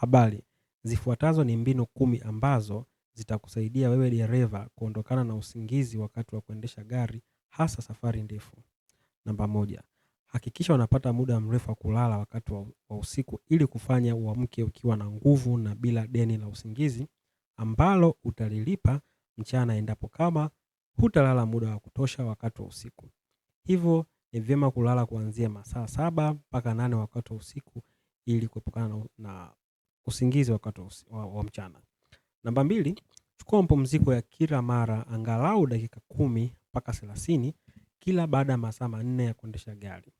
Habari, zifuatazo ni mbinu kumi ambazo zitakusaidia wewe dereva kuondokana na usingizi wakati wa kuendesha gari hasa safari ndefu. Namba moja, hakikisha unapata muda mrefu wa kulala wakati wa usiku ili kufanya uamke ukiwa na nguvu na bila deni la usingizi ambalo utalilipa mchana endapo kama hutalala muda wa kutosha wakati wa usiku. Hivyo ni vyema kulala kuanzia masaa saba mpaka nane wakati wa usiku ili kuepukana na usingizi wakati wa, wa mchana. Namba mbili, chukua mapumziko ya kila mara angalau dakika kumi mpaka thelathini kila baada ya masaa manne ya kuendesha gari.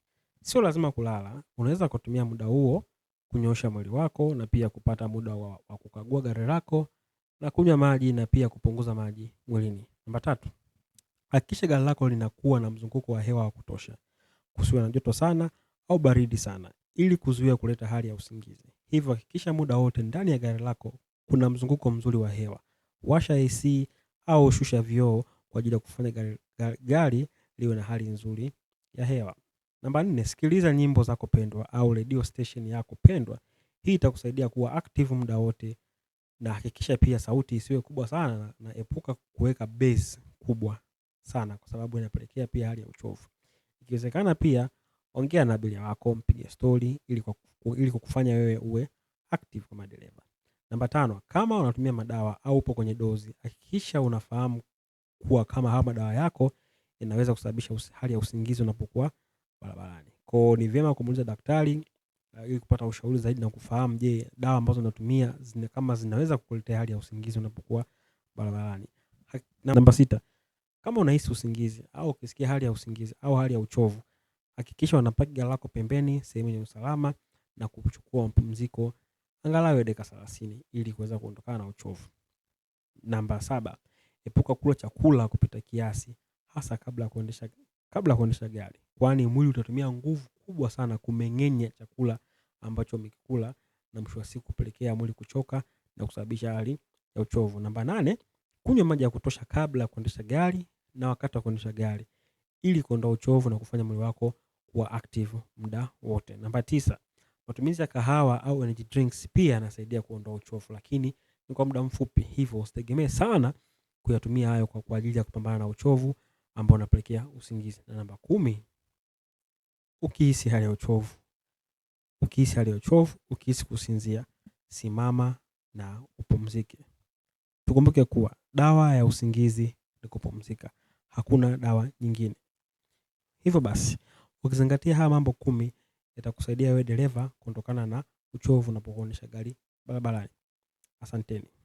Sio lazima kulala, unaweza kutumia muda huo kunyoosha mwili wako na pia kupata muda wa, wa kukagua gari lako na kunywa maji na pia kupunguza maji mwilini. Namba tatu, hakikisha gari lako linakuwa na mzunguko wa hewa wa kutosha, kusiwe na joto sana au baridi sana, ili kuzuia kuleta hali ya usingizi. Hivyo hakikisha muda wote ndani ya gari lako kuna mzunguko mzuri wa hewa. Washa AC au shusha vioo kwa ajili ya kufanya gari, gari, gari liwe na hali nzuri ya hewa. Namba nne, sikiliza nyimbo zako pendwa au radio station yako pendwa. Hii itakusaidia kuwa active muda wote, na hakikisha pia sauti isiwe kubwa sana, na epuka kuweka bass kubwa sana, kwa sababu inapelekea pia hali ya uchovu. Ikiwezekana pia ongea na abiria wako, mpige stori ili kukufanya wewe uwe active kama dereva. Namba tano, kama unatumia madawa au upo kwenye dozi, hakikisha unafahamu kuwa kama haya madawa yako inaweza kusababisha hali ya usingizi unapokuwa barabarani. Kwao ni vyema kumuuliza daktari uh, ili kupata ushauri zaidi na kufahamu, je, dawa ambazo unatumia zina, kama zinaweza kukuletea hali ya usingizi unapokuwa barabarani. Namba sita, kama unahisi usingizi au ukisikia hali ya usingizi au hali ya uchovu, Hakikisha wanapaki gari lako pembeni sehemu yenye usalama na kuchukua mapumziko angalau ya dakika thelathini ili kuweza kuondokana na uchovu. Namba saba, epuka kula chakula kupita kiasi hasa kabla ya kuendesha kabla ya kuendesha gari, kwani mwili utatumia nguvu kubwa sana kumeng'enya chakula ambacho umekikula na mwisho wa siku kupelekea mwili kuchoka na kusababisha hali ya uchovu. Namba nane, kunywa maji ya kutosha kabla ya kuendesha gari na wakati wa kuendesha gari ili kuondoa uchovu na kufanya mwili wako kuwa active muda wote. Namba tisa, matumizi ya kahawa au energy drinks pia yanasaidia kuondoa uchovu, lakini ni kwa muda mfupi, hivyo usitegemee sana kuyatumia hayo kwa, kwa ajili ya kupambana na uchovu ambao unapelekea usingizi. Na namba kumi, ukihisi hali ya uchovu, ukihisi hali ya uchovu, ukihisi kusinzia, simama na upumzike. Tukumbuke kuwa dawa ya usingizi ni kupumzika, hakuna dawa nyingine. Hivyo basi Ukizingatia haya mambo kumi yatakusaidia wewe dereva kuondokana na uchovu unapokuonesha gari barabarani. Asanteni.